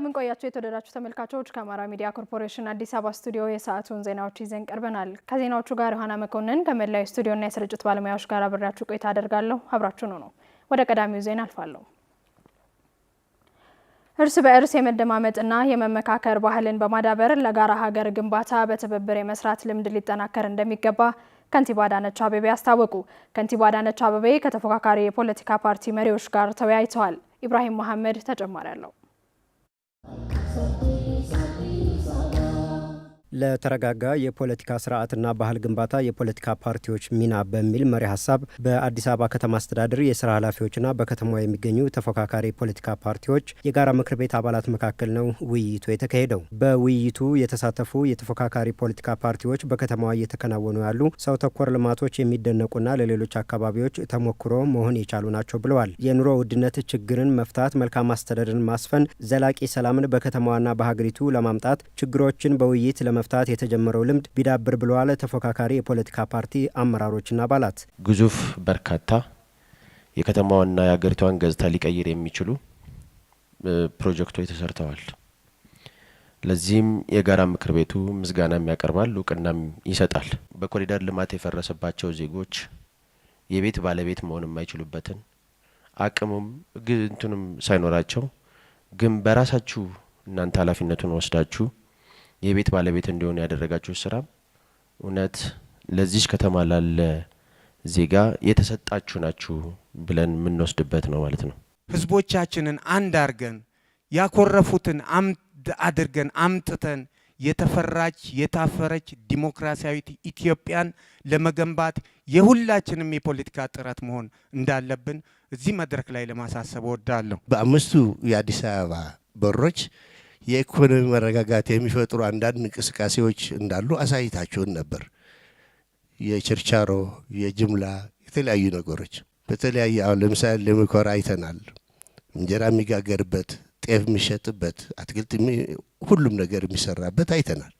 እንደምን ቆያችሁ የተወደዳችሁ ተመልካቾች። ከአማራ ሚዲያ ኮርፖሬሽን አዲስ አበባ ስቱዲዮ የሰዓቱን ዜናዎች ይዘን ቀርበናል። ከዜናዎቹ ጋር ዮሐና መኮንን ከመላው ስቱዲዮና የስርጭት ባለሙያዎች ጋር አብሬያችሁ ቆይታ አደርጋለሁ። አብራችሁን ነው። ወደ ቀዳሚው ዜና አልፋለሁ። እርስ በእርስ የመደማመጥና የመመካከር ባህልን በማዳበር ለጋራ ሀገር ግንባታ በትብብር የመስራት ልምድ ሊጠናከር እንደሚገባ ከንቲባ አዳነች አቤቤ አስታወቁ። ከንቲባ አዳነች አቤቤ ከተፎካካሪ የፖለቲካ ፓርቲ መሪዎች ጋር ተወያይተዋል። ኢብራሂም መሐመድ ተጨማሪ አለው። you. ለተረጋጋ የፖለቲካ ስርዓትና ባህል ግንባታ የፖለቲካ ፓርቲዎች ሚና በሚል መሪ ሀሳብ በአዲስ አበባ ከተማ አስተዳደር የስራ ኃላፊዎችና በከተማ የሚገኙ ተፎካካሪ የፖለቲካ ፓርቲዎች የጋራ ምክር ቤት አባላት መካከል ነው ውይይቱ የተካሄደው። በውይይቱ የተሳተፉ የተፎካካሪ ፖለቲካ ፓርቲዎች በከተማዋ እየተከናወኑ ያሉ ሰው ተኮር ልማቶች የሚደነቁና ለሌሎች አካባቢዎች ተሞክሮ መሆን የቻሉ ናቸው ብለዋል። የኑሮ ውድነት ችግርን መፍታት፣ መልካም አስተዳደርን ማስፈን፣ ዘላቂ ሰላምን በከተማዋና በሀገሪቱ ለማምጣት ችግሮችን በውይይት ለመ ለመፍታት የተጀመረው ልምድ ቢዳብር ብለዋል ተፎካካሪ የፖለቲካ ፓርቲ አመራሮችና አባላት። ግዙፍ በርካታ የከተማዋና የሀገሪቷን ገጽታ ሊቀይር የሚችሉ ፕሮጀክቶች ተሰርተዋል። ለዚህም የጋራ ምክር ቤቱ ምስጋናም ያቀርባል፣ እውቅናም ይሰጣል። በኮሪደር ልማት የፈረሰባቸው ዜጎች የቤት ባለቤት መሆን የማይችሉበትን አቅሙም ግንቱንም ሳይኖራቸው ግን በራሳችሁ እናንተ ኃላፊነቱን ወስዳችሁ የቤት ባለቤት እንዲሆኑ ያደረጋችሁ ስራ እውነት ለዚች ከተማ ላለ ዜጋ የተሰጣችሁ ናችሁ ብለን የምንወስድበት ነው ማለት ነው። ህዝቦቻችንን አንድ አድርገን ያኮረፉትን አምድ አድርገን አምጥተን የተፈራች የታፈረች ዲሞክራሲያዊት ኢትዮጵያን ለመገንባት የሁላችንም የፖለቲካ ጥረት መሆን እንዳለብን እዚህ መድረክ ላይ ለማሳሰብ እወዳለሁ። በአምስቱ የአዲስ አበባ በሮች የኢኮኖሚ መረጋጋት የሚፈጥሩ አንዳንድ እንቅስቃሴዎች እንዳሉ አሳይታችሁን ነበር። የችርቻሮ፣ የጅምላ፣ የተለያዩ ነገሮች በተለያየ አሁን ለምሳሌ ለሚኮራ አይተናል። እንጀራ የሚጋገርበት፣ ጤፍ የሚሸጥበት፣ አትክልት፣ ሁሉም ነገር የሚሰራበት አይተናል።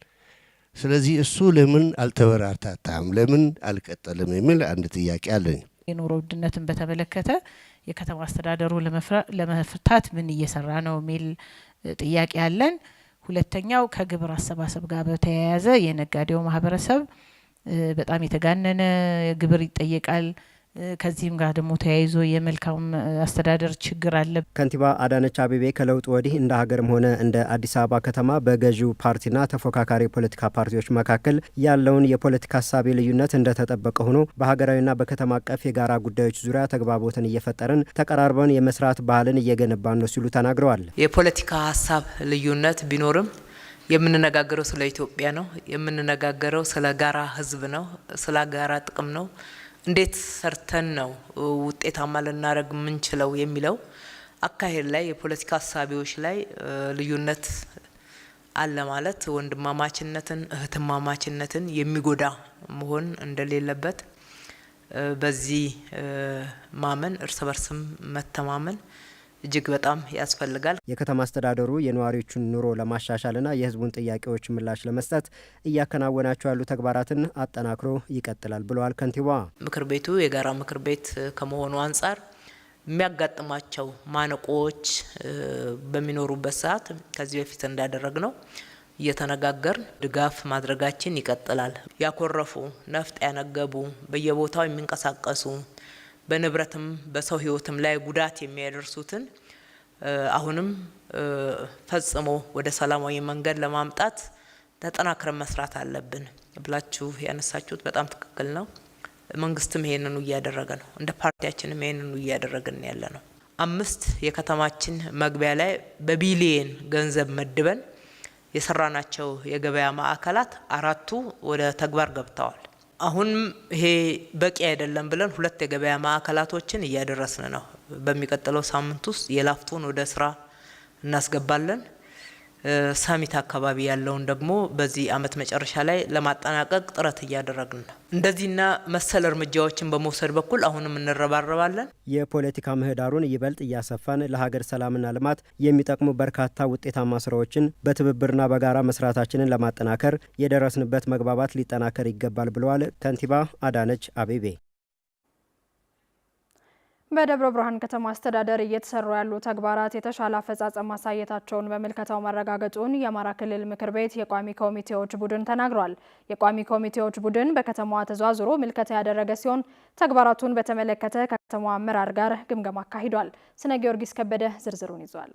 ስለዚህ እሱ ለምን አልተበራታታም? ለምን አልቀጠልም? የሚል አንድ ጥያቄ አለኝ። የኑሮ ውድነትን በተመለከተ የከተማ አስተዳደሩ ለመፍታት ምን እየሰራ ነው የሚል ጥያቄ አለን። ሁለተኛው ከግብር አሰባሰብ ጋር በተያያዘ የነጋዴው ማህበረሰብ በጣም የተጋነነ ግብር ይጠየቃል። ከዚህም ጋር ደግሞ ተያይዞ የመልካም አስተዳደር ችግር አለ። ከንቲባ አዳነች አቤቤ ከለውጥ ወዲህ እንደ ሀገርም ሆነ እንደ አዲስ አበባ ከተማ በገዢው ፓርቲና ተፎካካሪ የፖለቲካ ፓርቲዎች መካከል ያለውን የፖለቲካ ሀሳቤ ልዩነት እንደተጠበቀ ሆኖ በሀገራዊና በከተማ አቀፍ የጋራ ጉዳዮች ዙሪያ ተግባቦትን እየፈጠርን ተቀራርበን የመስራት ባህልን እየገነባን ነው ሲሉ ተናግረዋል። የፖለቲካ ሀሳብ ልዩነት ቢኖርም የምንነጋገረው ስለ ኢትዮጵያ ነው። የምንነጋገረው ስለ ጋራ ህዝብ ነው። ስለ ጋራ ጥቅም ነው። እንዴት ሰርተን ነው ውጤታማ ልናደረግ የምንችለው የሚለው አካሄድ ላይ የፖለቲካ ሀሳቢዎች ላይ ልዩነት አለ ማለት ወንድማማችነትን እህትማማችነትን የሚጎዳ መሆን እንደሌለበት በዚህ ማመን እርስ በርስም መተማመን እጅግ በጣም ያስፈልጋል። የከተማ አስተዳደሩ የነዋሪዎቹን ኑሮ ለማሻሻልና የህዝቡን ጥያቄዎች ምላሽ ለመስጠት እያከናወናቸው ያሉ ተግባራትን አጠናክሮ ይቀጥላል ብለዋል ከንቲባ። ምክር ቤቱ የጋራ ምክር ቤት ከመሆኑ አንጻር የሚያጋጥማቸው ማነቆዎች በሚኖሩበት ሰዓት ከዚህ በፊት እንዳደረግ ነው እየተነጋገር ድጋፍ ማድረጋችን ይቀጥላል። ያኮረፉ ነፍጥ ያነገቡ በየቦታው የሚንቀሳቀሱ በንብረትም በሰው ህይወትም ላይ ጉዳት የሚያደርሱትን አሁንም ፈጽሞ ወደ ሰላማዊ መንገድ ለማምጣት ተጠናክረን መስራት አለብን ብላችሁ ያነሳችሁት በጣም ትክክል ነው። መንግስትም ይሄንኑ እያደረገ ነው። እንደ ፓርቲያችንም ይሄንኑ እያደረግን ያለ ነው። አምስት የከተማችን መግቢያ ላይ በቢሊየን ገንዘብ መድበን የሰራናቸው የገበያ ማዕከላት አራቱ ወደ ተግባር ገብተዋል። አሁንም ይሄ በቂ አይደለም ብለን ሁለት የገበያ ማዕከላቶችን እያደረስን ነው። በሚቀጥለው ሳምንት ውስጥ የላፍቶን ወደ ስራ እናስገባለን። ሳሚት አካባቢ ያለውን ደግሞ በዚህ አመት መጨረሻ ላይ ለማጠናቀቅ ጥረት እያደረግን ነው። እንደዚህና መሰል እርምጃዎችን በመውሰድ በኩል አሁንም እንረባረባለን። የፖለቲካ ምህዳሩን ይበልጥ እያሰፋን ለሀገር ሰላምና ልማት የሚጠቅሙ በርካታ ውጤታማ ስራዎችን በትብብርና በጋራ መስራታችንን ለማጠናከር የደረስንበት መግባባት ሊጠናከር ይገባል ብለዋል ከንቲባ አዳነች አቤቤ። በደብረ ብርሃን ከተማ አስተዳደር እየተሰሩ ያሉ ተግባራት የተሻለ አፈጻጸም ማሳየታቸውን በምልከታው ማረጋገጡን የአማራ ክልል ምክር ቤት የቋሚ ኮሚቴዎች ቡድን ተናግሯል። የቋሚ ኮሚቴዎች ቡድን በከተማዋ ተዟዙሮ ምልከታ ያደረገ ሲሆን ተግባራቱን በተመለከተ ከከተማዋ አመራር ጋር ግምገማ አካሂዷል። ስነ ጊዮርጊስ ከበደ ዝርዝሩን ይዟል።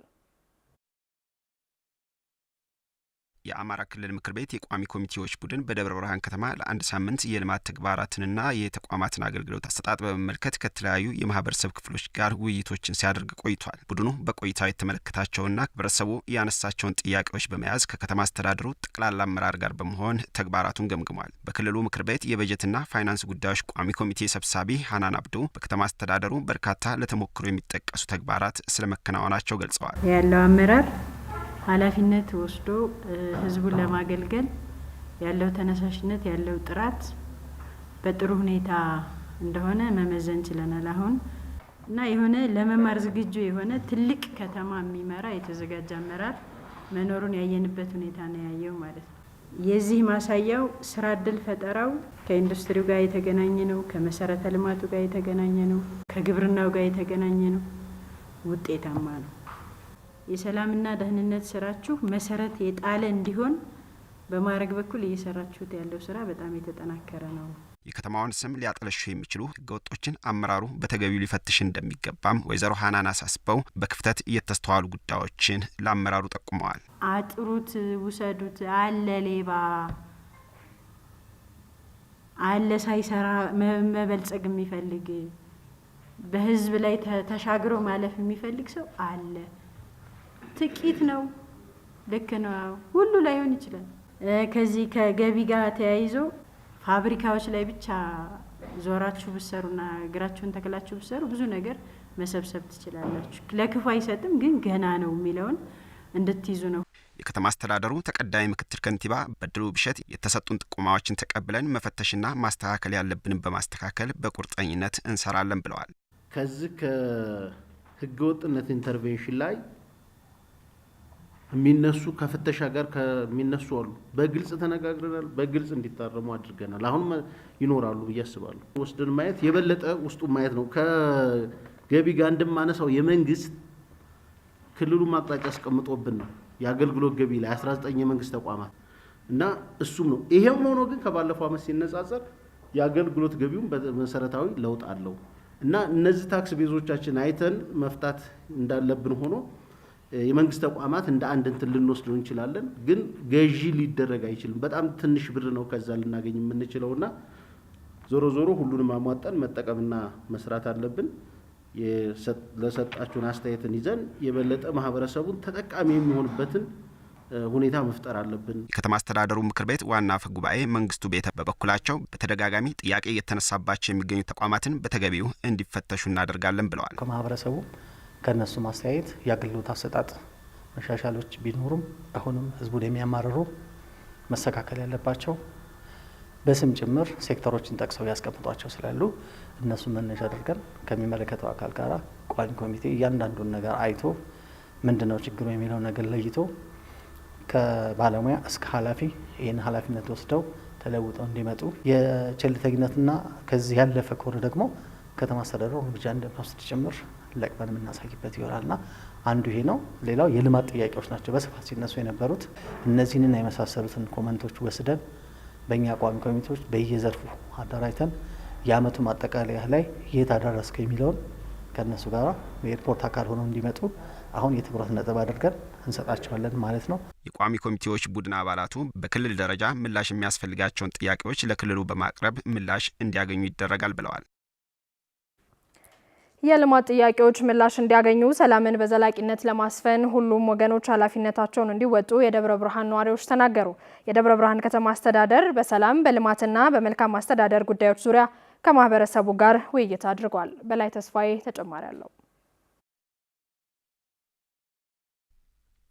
የአማራ ክልል ምክር ቤት የቋሚ ኮሚቴዎች ቡድን በደብረ ብርሃን ከተማ ለአንድ ሳምንት የልማት ተግባራትንና የተቋማትን አገልግሎት አሰጣጥ በመመልከት ከተለያዩ የማህበረሰብ ክፍሎች ጋር ውይይቶችን ሲያደርግ ቆይቷል። ቡድኑ በቆይታው የተመለከታቸውና ህብረተሰቡ ያነሳቸውን ጥያቄዎች በመያዝ ከከተማ አስተዳደሩ ጠቅላላ አመራር ጋር በመሆን ተግባራቱን ገምግሟል። በክልሉ ምክር ቤት የበጀትና ፋይናንስ ጉዳዮች ቋሚ ኮሚቴ ሰብሳቢ ሀናን አብዱ በከተማ አስተዳደሩ በርካታ ለተሞክሮ የሚጠቀሱ ተግባራት ስለመከናወናቸው ገልጸዋል። ያለው አመራር ኃላፊነት ወስዶ ህዝቡን ለማገልገል ያለው ተነሳሽነት ያለው ጥራት በጥሩ ሁኔታ እንደሆነ መመዘን ችለናል። አሁን እና የሆነ ለመማር ዝግጁ የሆነ ትልቅ ከተማ የሚመራ የተዘጋጀ አመራር መኖሩን ያየንበት ሁኔታ ነው ያየው ማለት ነው። የዚህ ማሳያው ስራ እድል ፈጠራው ከኢንዱስትሪው ጋር የተገናኘ ነው፣ ከመሰረተ ልማቱ ጋር የተገናኘ ነው፣ ከግብርናው ጋር የተገናኘ ነው። ውጤታማ ነው። የሰላምና ደህንነት ስራችሁ መሰረት የጣለ እንዲሆን በማድረግ በኩል እየሰራችሁት ያለው ስራ በጣም የተጠናከረ ነው። የከተማዋን ስም ሊያጠለሹ የሚችሉ ህገወጦችን አመራሩ በተገቢው ሊፈትሽ እንደሚገባም ወይዘሮ ሀናን አሳስበው በክፍተት እየተስተዋሉ ጉዳዮችን ለአመራሩ ጠቁመዋል። አጥሩት፣ ውሰዱት፣ አለ ሌባ አለ ሳይሰራ መበልጸግ የሚፈልግ በህዝብ ላይ ተሻግሮ ማለፍ የሚፈልግ ሰው አለ ጥቂት ነው። ልክ ነው። ሁሉ ላይሆን ይችላል። ከዚህ ከገቢ ጋር ተያይዞ ፋብሪካዎች ላይ ብቻ ዞራችሁ ብሰሩና እግራችሁን ተክላችሁ ብሰሩ ብዙ ነገር መሰብሰብ ትችላላችሁ። ለክፉ አይሰጥም፣ ግን ገና ነው የሚለውን እንድትይዙ ነው። የከተማ አስተዳደሩ ተቀዳሚ ምክትል ከንቲባ በድሉ ብሸት የተሰጡን ጥቁማዎችን ተቀብለን መፈተሽና ማስተካከል ያለብንን በማስተካከል በቁርጠኝነት እንሰራለን ብለዋል። ከዚህ ከህገወጥነት ኢንተርቬንሽን ላይ የሚነሱ ከፍተሻ ጋር ከሚነሱ አሉ። በግልጽ ተነጋግረናል። በግልጽ እንዲታረሙ አድርገናል። አሁን ይኖራሉ ብዬ አስባለሁ። ወስደን ማየት የበለጠ ውስጡ ማየት ነው። ከገቢ ጋር እንደማነሳው የመንግስት ክልሉ ማቅጣጫ አስቀምጦብን ነው የአገልግሎት ገቢ ላይ 19 የመንግስት ተቋማት እና እሱም ነው። ይሄም ሆኖ ግን ከባለፈው ዓመት ሲነጻጸር የአገልግሎት ገቢውም መሰረታዊ ለውጥ አለው እና እነዚህ ታክስ ቤዞቻችን አይተን መፍታት እንዳለብን ሆኖ የመንግስት ተቋማት እንደ አንድ እንትን ልንወስድ እንችላለን፣ ግን ገዢ ሊደረግ አይችልም። በጣም ትንሽ ብር ነው ከዛ ልናገኝ የምንችለውና ዞሮ ዞሮ ሁሉንም አሟጠን መጠቀምና መስራት አለብን። ለሰጣችሁን አስተያየትን ይዘን የበለጠ ማህበረሰቡን ተጠቃሚ የሚሆንበትን ሁኔታ መፍጠር አለብን። የከተማ አስተዳደሩ ምክር ቤት ዋና አፈ ጉባኤ መንግስቱ ቤተ በበኩላቸው በተደጋጋሚ ጥያቄ እየተነሳባቸው የሚገኙ ተቋማትን በተገቢው እንዲፈተሹ እናደርጋለን ብለዋል። ከማህበረሰቡ ከእነሱ ማስተያየት የአገልግሎት አሰጣጥ መሻሻሎች ቢኖሩም አሁንም ህዝቡን የሚያማርሩ መስተካከል ያለባቸው በስም ጭምር ሴክተሮችን ጠቅሰው ያስቀምጧቸው ስላሉ እነሱ መነሻ አድርገን ከሚመለከተው አካል ጋር ቋሚ ኮሚቴ እያንዳንዱን ነገር አይቶ ምንድነው ችግሩ የሚለው ነገር ለይቶ ከባለሙያ እስከ ኃላፊ ይህን ኃላፊነት ወስደው ተለውጠው እንዲመጡ የቸልተኝነትና ከዚህ ያለፈ ከሆነ ደግሞ ከተማ አስተዳደሩ እርምጃ እንደሚወስድ ጭምር ለቅመን የምናሳይበት ይሆናልና አንዱ ይሄ ነው። ሌላው የልማት ጥያቄዎች ናቸው በስፋት ሲነሱ የነበሩት። እነዚህንና የመሳሰሉትን ኮመንቶች ወስደን በእኛ ቋሚ ኮሚቴዎች በየዘርፉ አደራጅተን የአመቱ ማጠቃለያ ላይ የት አደረስከ የሚለውን ከእነሱ ጋር የሪፖርት አካል ሆነው እንዲመጡ አሁን የትኩረት ነጥብ አድርገን እንሰጣቸዋለን ማለት ነው። የቋሚ ኮሚቴዎች ቡድን አባላቱ በክልል ደረጃ ምላሽ የሚያስፈልጋቸውን ጥያቄዎች ለክልሉ በማቅረብ ምላሽ እንዲያገኙ ይደረጋል ብለዋል። የልማት ጥያቄዎች ምላሽ እንዲያገኙ፣ ሰላምን በዘላቂነት ለማስፈን ሁሉም ወገኖች ኃላፊነታቸውን እንዲወጡ የደብረ ብርሃን ነዋሪዎች ተናገሩ። የደብረ ብርሃን ከተማ አስተዳደር በሰላም በልማትና በመልካም አስተዳደር ጉዳዮች ዙሪያ ከማህበረሰቡ ጋር ውይይት አድርጓል። በላይ ተስፋዬ ተጨማሪ አለው።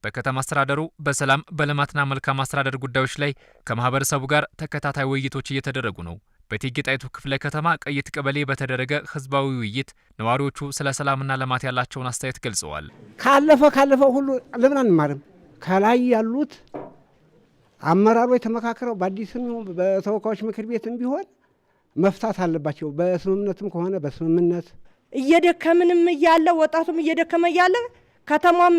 በከተማ አስተዳደሩ በሰላም በልማትና መልካም አስተዳደር ጉዳዮች ላይ ከማህበረሰቡ ጋር ተከታታይ ውይይቶች እየተደረጉ ነው። በእቴጌ ጣይቱ ክፍለ ከተማ ቀይት ቀበሌ በተደረገ ህዝባዊ ውይይት ነዋሪዎቹ ስለ ሰላምና ልማት ያላቸውን አስተያየት ገልጸዋል። ካለፈ ካለፈ ሁሉ ለምን አንማርም? ከላይ ያሉት አመራሮች ተመካክረው በአዲስም በተወካዮች ምክር ቤትም ቢሆን መፍታት አለባቸው። በስምምነትም ከሆነ በስምምነት እየደከምንም እያለ ወጣቱም እየደከመ እያለ ከተማም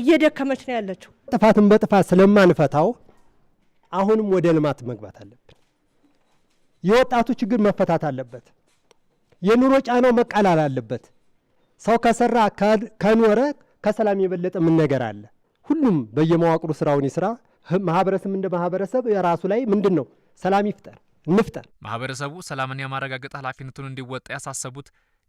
እየደከመች ነው ያለችው። ጥፋትን በጥፋት ስለማንፈታው አሁንም ወደ ልማት መግባት አለ? የወጣቱ ችግር መፈታት አለበት። የኑሮ ጫናው መቃላል አለበት። ሰው ከሰራ ከኖረ ከሰላም የበለጠ ምን ነገር አለ? ሁሉም በየመዋቅሩ ስራውን ይስራ። ማህበረሰብ እንደ ማህበረሰብ የራሱ ላይ ምንድን ነው ሰላም ይፍጠር እንፍጠር። ማህበረሰቡ ሰላምን የማረጋገጥ ኃላፊነቱን እንዲወጣ ያሳሰቡት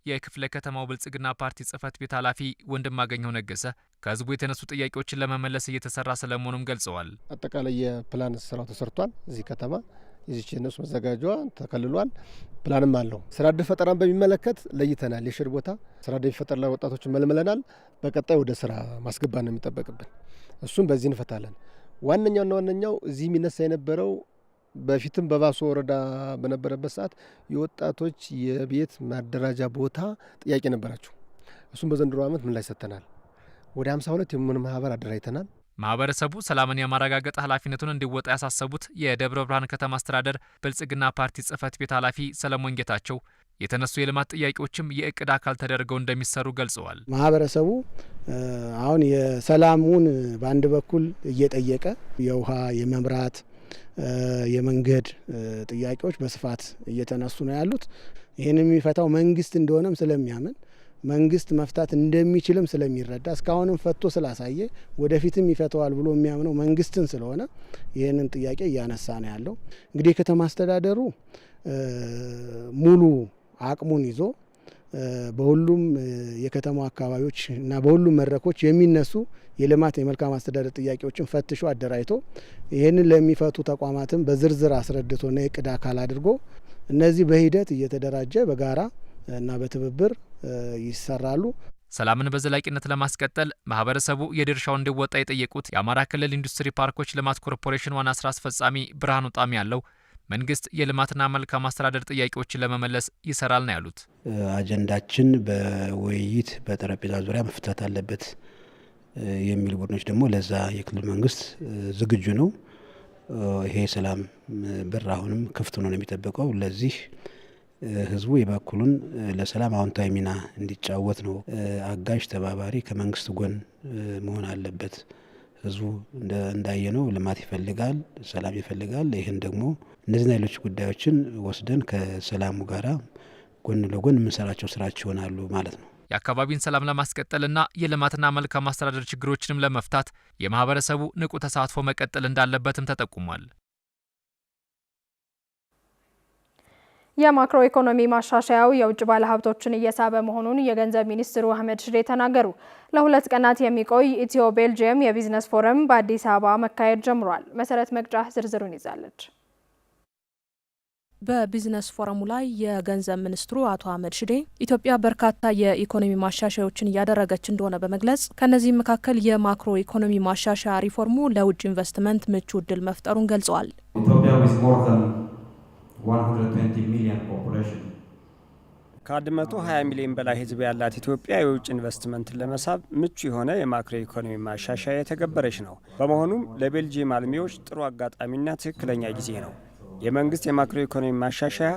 የክፍለ ከተማው ብልጽግና ፓርቲ ጽህፈት ቤት ኃላፊ ወንድማገኘው ነገሰ ከህዝቡ የተነሱ ጥያቄዎችን ለመመለስ እየተሰራ ስለመሆኑም ገልጸዋል። አጠቃላይ የፕላን ስራው ተሰርቷል። እዚህ ከተማ ይዚች እነሱ መዘጋጇ ተከልሏል። ፕላንም አለው። ስራ ዕድል ፈጠራን በሚመለከት ለይተናል። የሽር ቦታ ስራ ዕድል ፈጠራ ላይ ወጣቶችን መልምለናል። በቀጣይ ወደ ስራ ማስገባት ነው የሚጠበቅብን። እሱም በዚህ እንፈታለን። ዋነኛውና ዋነኛው እዚህ የሚነሳ የነበረው በፊትም በባሶ ወረዳ በነበረበት ሰዓት የወጣቶች የቤት ማደራጃ ቦታ ጥያቄ ነበራቸው። እሱም በዘንድሮ ዓመት ምላሽ ሰጥተናል። ወደ 52 የምን ማህበር አደራጅተናል። ማህበረሰቡ ሰላምን የማረጋገጥ ኃላፊነቱን እንዲወጣ ያሳሰቡት የደብረ ብርሃን ከተማ አስተዳደር ብልጽግና ፓርቲ ጽህፈት ቤት ኃላፊ ሰለሞን ጌታቸው የተነሱ የልማት ጥያቄዎችም የእቅድ አካል ተደርገው እንደሚሰሩ ገልጸዋል። ማህበረሰቡ አሁን የሰላሙን በአንድ በኩል እየጠየቀ የውሃ፣ የመብራት፣ የመንገድ ጥያቄዎች በስፋት እየተነሱ ነው ያሉት። ይህን የሚፈታው መንግስት እንደሆነም ስለሚያምን መንግስት መፍታት እንደሚችልም ስለሚረዳ እስካሁንም ፈቶ ስላሳየ ወደፊትም ይፈተዋል ብሎ የሚያምነው መንግስትን ስለሆነ ይህንን ጥያቄ እያነሳ ነው ያለው። እንግዲህ የከተማ አስተዳደሩ ሙሉ አቅሙን ይዞ በሁሉም የከተማ አካባቢዎች እና በሁሉም መድረኮች የሚነሱ የልማት የመልካም አስተዳደር ጥያቄዎችን ፈትሾ አደራጅቶ ይህንን ለሚፈቱ ተቋማትም በዝርዝር አስረድቶና የቅድ አካል አድርጎ እነዚህ በሂደት እየተደራጀ በጋራ እና በትብብር ይሰራሉ። ሰላምን በዘላቂነት ለማስቀጠል ማህበረሰቡ የድርሻው እንዲወጣ የጠየቁት የአማራ ክልል ኢንዱስትሪ ፓርኮች ልማት ኮርፖሬሽን ዋና ስራ አስፈጻሚ ብርሃኑ ጣሚ ያለው መንግስት የልማትና መልካም አስተዳደር ጥያቄዎችን ለመመለስ ይሰራል ነው ያሉት። አጀንዳችን በውይይት በጠረጴዛ ዙሪያ መፍታት አለበት የሚሉ ቡድኖች ደግሞ ለዛ የክልል መንግስት ዝግጁ ነው። ይሄ ሰላም በር አሁንም ክፍት ነው የሚጠበቀው ለዚህ ህዝቡ የበኩሉን ለሰላም አዎንታዊ ሚና እንዲጫወት ነው። አጋዥ ተባባሪ ከመንግስት ጎን መሆን አለበት። ህዝቡ እንዳየነው ልማት ይፈልጋል፣ ሰላም ይፈልጋል። ይህን ደግሞ እነዚህና ሌሎች ጉዳዮችን ወስደን ከሰላሙ ጋራ ጎን ለጎን የምንሰራቸው ስራዎች ይሆናሉ ማለት ነው። የአካባቢን ሰላም ለማስቀጠልና የልማትና መልካም አስተዳደር ችግሮችንም ለመፍታት የማህበረሰቡ ንቁ ተሳትፎ መቀጠል እንዳለበትም ተጠቁሟል። የማክሮ ኢኮኖሚ ማሻሻያው የውጭ ባለሀብቶችን እየሳበ መሆኑን የገንዘብ ሚኒስትሩ አህመድ ሽዴ ተናገሩ። ለሁለት ቀናት የሚቆይ ኢትዮ ቤልጅየም የቢዝነስ ፎረም በአዲስ አበባ መካሄድ ጀምሯል። መሰረት መቅጫ ዝርዝሩን ይዛለች። በቢዝነስ ፎረሙ ላይ የገንዘብ ሚኒስትሩ አቶ አህመድ ሽዴ ኢትዮጵያ በርካታ የኢኮኖሚ ማሻሻያዎችን እያደረገች እንደሆነ በመግለጽ ከእነዚህም መካከል የማክሮ ኢኮኖሚ ማሻሻያ ሪፎርሙ ለውጭ ኢንቨስትመንት ምቹ እድል መፍጠሩን ገልጸዋል። ከ120 ሚሊዮን በላይ ህዝብ ያላት ኢትዮጵያ የውጭ ኢንቨስትመንትን ለመሳብ ምቹ የሆነ የማክሮ ኢኮኖሚ ማሻሻያ የተገበረች ነው። በመሆኑም ለቤልጂየም አልሚዎች ጥሩ አጋጣሚና ትክክለኛ ጊዜ ነው። የመንግስት የማክሮ ኢኮኖሚ ማሻሻያ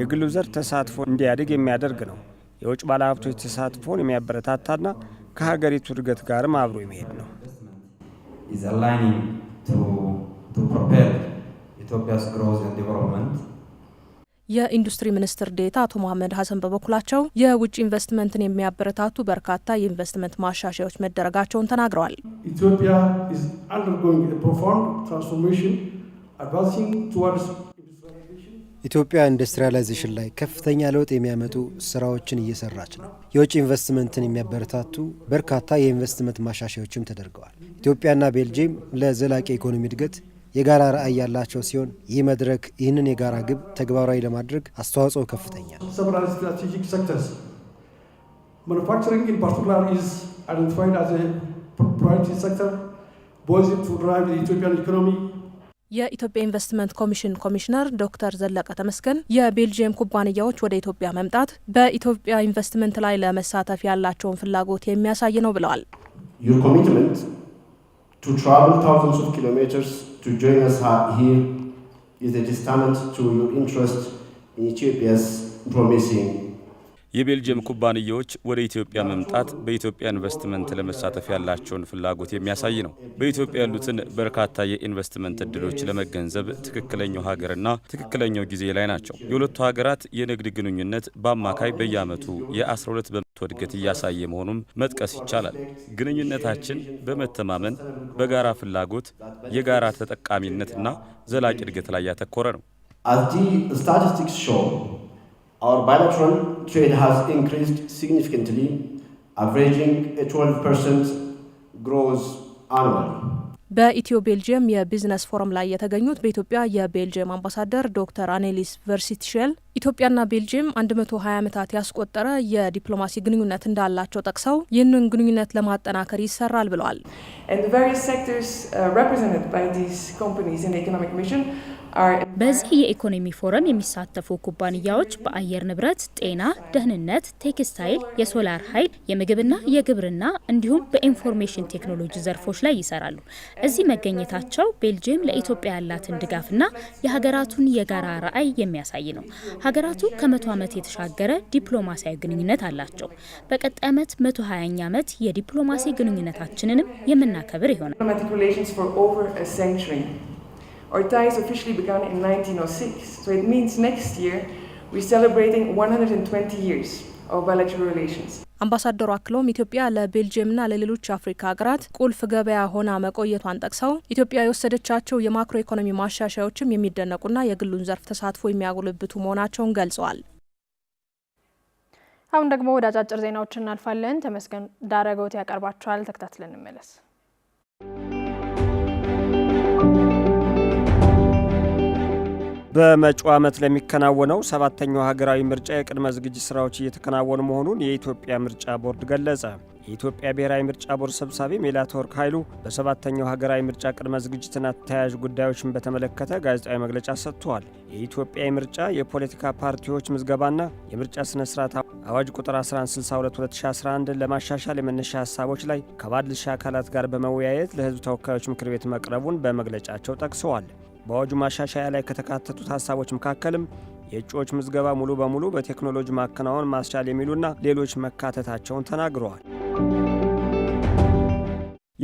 የግሉ ዘርፍ ተሳትፎ እንዲያድግ የሚያደርግ ነው። የውጭ ባለሀብቶች ተሳትፎን የሚያበረታታና ከሀገሪቱ እድገት ጋርም አብሮ የሚሄድ ነው። ኢትዮጵያስ ግሮዝ ኤንድ የኢንዱስትሪ ሚኒስትር ዴታ አቶ መሐመድ ሀሰን በበኩላቸው የውጭ ኢንቨስትመንትን የሚያበረታቱ በርካታ የኢንቨስትመንት ማሻሻያዎች መደረጋቸውን ተናግረዋል። ኢትዮጵያ ኢንዱስትሪያላይዜሽን ላይ ከፍተኛ ለውጥ የሚያመጡ ስራዎችን እየሰራች ነው። የውጭ ኢንቨስትመንትን የሚያበረታቱ በርካታ የኢንቨስትመንት ማሻሻዮችም ተደርገዋል። ኢትዮጵያና ቤልጅየም ለዘላቂ ኢኮኖሚ እድገት የጋራ ራዕይ ያላቸው ሲሆን ይህ መድረክ ይህንን የጋራ ግብ ተግባራዊ ለማድረግ አስተዋጽኦ ከፍተኛል። የኢትዮጵያ ኢንቨስትመንት ኮሚሽን ኮሚሽነር ዶክተር ዘለቀ ተመስገን የቤልጅየም ኩባንያዎች ወደ ኢትዮጵያ መምጣት በኢትዮጵያ ኢንቨስትመንት ላይ ለመሳተፍ ያላቸውን ፍላጎት የሚያሳይ ነው ብለዋል። to join us here is a testament to your interest in Ethiopia's promising የቤልጅየም ኩባንያዎች ወደ ኢትዮጵያ መምጣት በኢትዮጵያ ኢንቨስትመንት ለመሳተፍ ያላቸውን ፍላጎት የሚያሳይ ነው። በኢትዮጵያ ያሉትን በርካታ የኢንቨስትመንት እድሎች ለመገንዘብ ትክክለኛው ሀገርና ትክክለኛው ጊዜ ላይ ናቸው። የሁለቱ ሀገራት የንግድ ግንኙነት በአማካይ በየዓመቱ የ12 በመቶ እድገት እያሳየ መሆኑም መጥቀስ ይቻላል። ግንኙነታችን በመተማመን በጋራ ፍላጎት፣ የጋራ ተጠቃሚነትና ዘላቂ እድገት ላይ ያተኮረ ነው። our bilateral trade has increased significantly, averaging a 12% growth annually. በኢትዮ ቤልጅየም የቢዝነስ ፎረም ላይ የተገኙት በኢትዮጵያ የቤልጅየም አምባሳደር ዶክተር አኔሊስ ቨርሲትሸል ኢትዮጵያና ቤልጅየም 120 ዓመታት ያስቆጠረ የዲፕሎማሲ ግንኙነት እንዳላቸው ጠቅሰው ይህንን ግንኙነት ለማጠናከር ይሰራል ብለዋል። በዚህ የኢኮኖሚ ፎረም የሚሳተፉ ኩባንያዎች በአየር ንብረት፣ ጤና፣ ደህንነት፣ ቴክስታይል፣ የሶላር ኃይል፣ የምግብና የግብርና እንዲሁም በኢንፎርሜሽን ቴክኖሎጂ ዘርፎች ላይ ይሰራሉ። እዚህ መገኘታቸው ቤልጅየም ለኢትዮጵያ ያላትን ድጋፍና የሀገራቱን የጋራ ራዕይ የሚያሳይ ነው። ሀገራቱ ከመቶ ዓመት የተሻገረ ዲፕሎማሲያዊ ግንኙነት አላቸው። በቀጣይ ዓመት መቶ ሀያኛ ዓመት የዲፕሎማሲ ግንኙነታችንንም የምናከብር ይሆናል። Our ties officially began in 1906, so it means next year we're celebrating 120 years of bilateral relations. አምባሳደሩ አክለውም ኢትዮጵያ ለቤልጅየምና ለሌሎች አፍሪካ ሀገራት ቁልፍ ገበያ ሆና መቆየቷን ጠቅሰው ኢትዮጵያ የወሰደቻቸው የማክሮ ኢኮኖሚ ማሻሻያዎችም የሚደነቁና የግሉን ዘርፍ ተሳትፎ የሚያጎለብቱ መሆናቸውን ገልጸዋል። አሁን ደግሞ ወደ አጫጭር ዜናዎች እናልፋለን። ተመስገን ዳረገውት ያቀርባቸዋል። ተከታትለን እንመለስ። በመጪው ዓመት ለሚከናወነው ሰባተኛው ሀገራዊ ምርጫ የቅድመ ዝግጅት ስራዎች እየተከናወኑ መሆኑን የኢትዮጵያ ምርጫ ቦርድ ገለጸ። የኢትዮጵያ ብሔራዊ ምርጫ ቦርድ ሰብሳቢ መላትወርቅ ኃይሉ በሰባተኛው ሀገራዊ ምርጫ ቅድመ ዝግጅትና ተያያዥ ጉዳዮችን በተመለከተ ጋዜጣዊ መግለጫ ሰጥተዋል። የኢትዮጵያ የምርጫ የፖለቲካ ፓርቲዎች ምዝገባና የምርጫ ስነ ስርዓት አዋጅ ቁጥር 1162/2011 ለማሻሻል የመነሻ ሀሳቦች ላይ ከባለድርሻ አካላት ጋር በመወያየት ለሕዝብ ተወካዮች ምክር ቤት መቅረቡን በመግለጫቸው ጠቅሰዋል። በአዋጁ ማሻሻያ ላይ ከተካተቱት ሀሳቦች መካከልም የእጩዎች ምዝገባ ሙሉ በሙሉ በቴክኖሎጂ ማከናወን ማስቻል የሚሉና ሌሎች መካተታቸውን ተናግረዋል።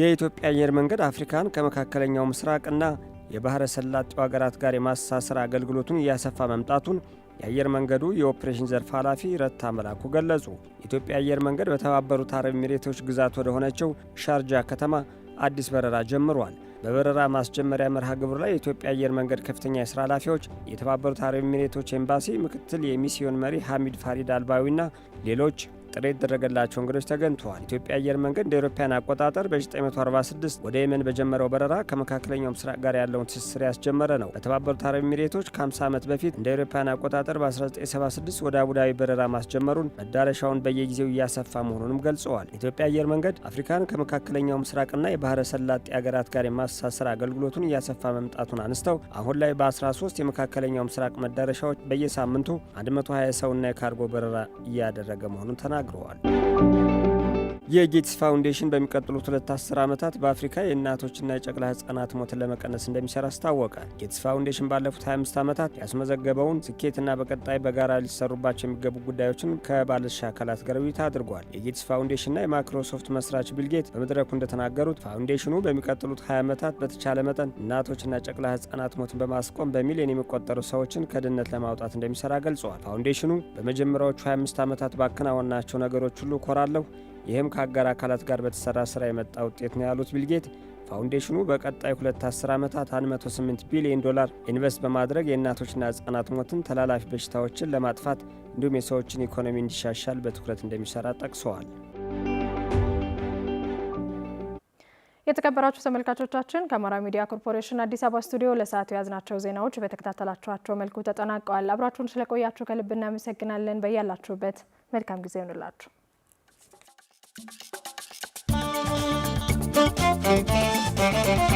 የኢትዮጵያ አየር መንገድ አፍሪካን ከመካከለኛው ምስራቅና የባሕረ ሰላጤው አገራት ጋር የማሳሰር አገልግሎቱን እያሰፋ መምጣቱን የአየር መንገዱ የኦፕሬሽን ዘርፍ ኃላፊ ረታ መላኩ ገለጹ። የኢትዮጵያ አየር መንገድ በተባበሩት አረብ ኤሚሬቶች ግዛት ወደ ሆነችው ሻርጃ ከተማ አዲስ በረራ ጀምሯል። በበረራ ማስጀመሪያ መርሃ ግብር ላይ የኢትዮጵያ አየር መንገድ ከፍተኛ የስራ ኃላፊዎች፣ የተባበሩት አረብ ኤሚሬቶች ኤምባሲ ምክትል የሚስዮን መሪ ሐሚድ ፋሪድ አልባዊና ሌሎች ጥሪ የተደረገላቸው እንግዶች ተገኝተዋል። ኢትዮጵያ አየር መንገድ እንደ አውሮፓውያን አቆጣጠር በ946 ወደ የመን በጀመረው በረራ ከመካከለኛው ምስራቅ ጋር ያለውን ትስስር ያስጀመረ ነው። በተባበሩት አረብ ኤሚሬቶች ከ50 ዓመት በፊት እንደ አውሮፓውያን አቆጣጠር በ1976 ወደ አቡዳቢ በረራ ማስጀመሩን መዳረሻውን በየጊዜው እያሰፋ መሆኑንም ገልጸዋል። ኢትዮጵያ አየር መንገድ አፍሪካን ከመካከለኛው ምስራቅና የባህረ ሰላጤ ሀገራት ጋር የማሳሰር አገልግሎቱን እያሰፋ መምጣቱን አንስተው አሁን ላይ በ13 የመካከለኛው ምስራቅ መዳረሻዎች በየሳምንቱ 120 ሰውና የካርጎ በረራ እያደረገ መሆኑን ተናግረዋል። Agrawal. የጌትስ ፋውንዴሽን በሚቀጥሉት ሁለት አስር ዓመታት በአፍሪካ የእናቶችና የጨቅላ ህጻናት ሞትን ለመቀነስ እንደሚሰራ አስታወቀ። ጌትስ ፋውንዴሽን ባለፉት 25 ዓመታት ያስመዘገበውን ስኬትና በቀጣይ በጋራ ሊሰሩባቸው የሚገቡ ጉዳዮችን ከባለድርሻ አካላት ጋር ውይይት አድርጓል። የጌትስ ፋውንዴሽንና የማይክሮሶፍት መስራች ቢልጌት በመድረኩ እንደተናገሩት ፋውንዴሽኑ በሚቀጥሉት 20 ዓመታት በተቻለ መጠን እናቶችና ጨቅላ ህጻናት ሞትን በማስቆም በሚሊዮን የሚቆጠሩ ሰዎችን ከድህነት ለማውጣት እንደሚሰራ ገልጸዋል። ፋውንዴሽኑ በመጀመሪያዎቹ 25 ዓመታት ባከናወናቸው ነገሮች ሁሉ እኮራለሁ ይህም ከአጋር አካላት ጋር በተሰራ ስራ የመጣ ውጤት ነው ያሉት ቢልጌት ፋውንዴሽኑ በቀጣይ ሁለት አስር ዓመታት 18 ቢሊዮን ዶላር ኢንቨስት በማድረግ የእናቶችና ሕፃናት ሞትን፣ ተላላፊ በሽታዎችን ለማጥፋት እንዲሁም የሰዎችን ኢኮኖሚ እንዲሻሻል በትኩረት እንደሚሰራ ጠቅሰዋል። የተከበራችሁ ተመልካቾቻችን ከአማራ ሚዲያ ኮርፖሬሽን አዲስ አበባ ስቱዲዮ ለሰዓቱ የያዝናቸው ዜናዎች በተከታተላችኋቸው መልኩ ተጠናቀዋል። አብራችሁን ስለቆያችሁ ከልብ እናመሰግናለን። በያላችሁበት መልካም ጊዜ ይሆንላችሁ። Thank you.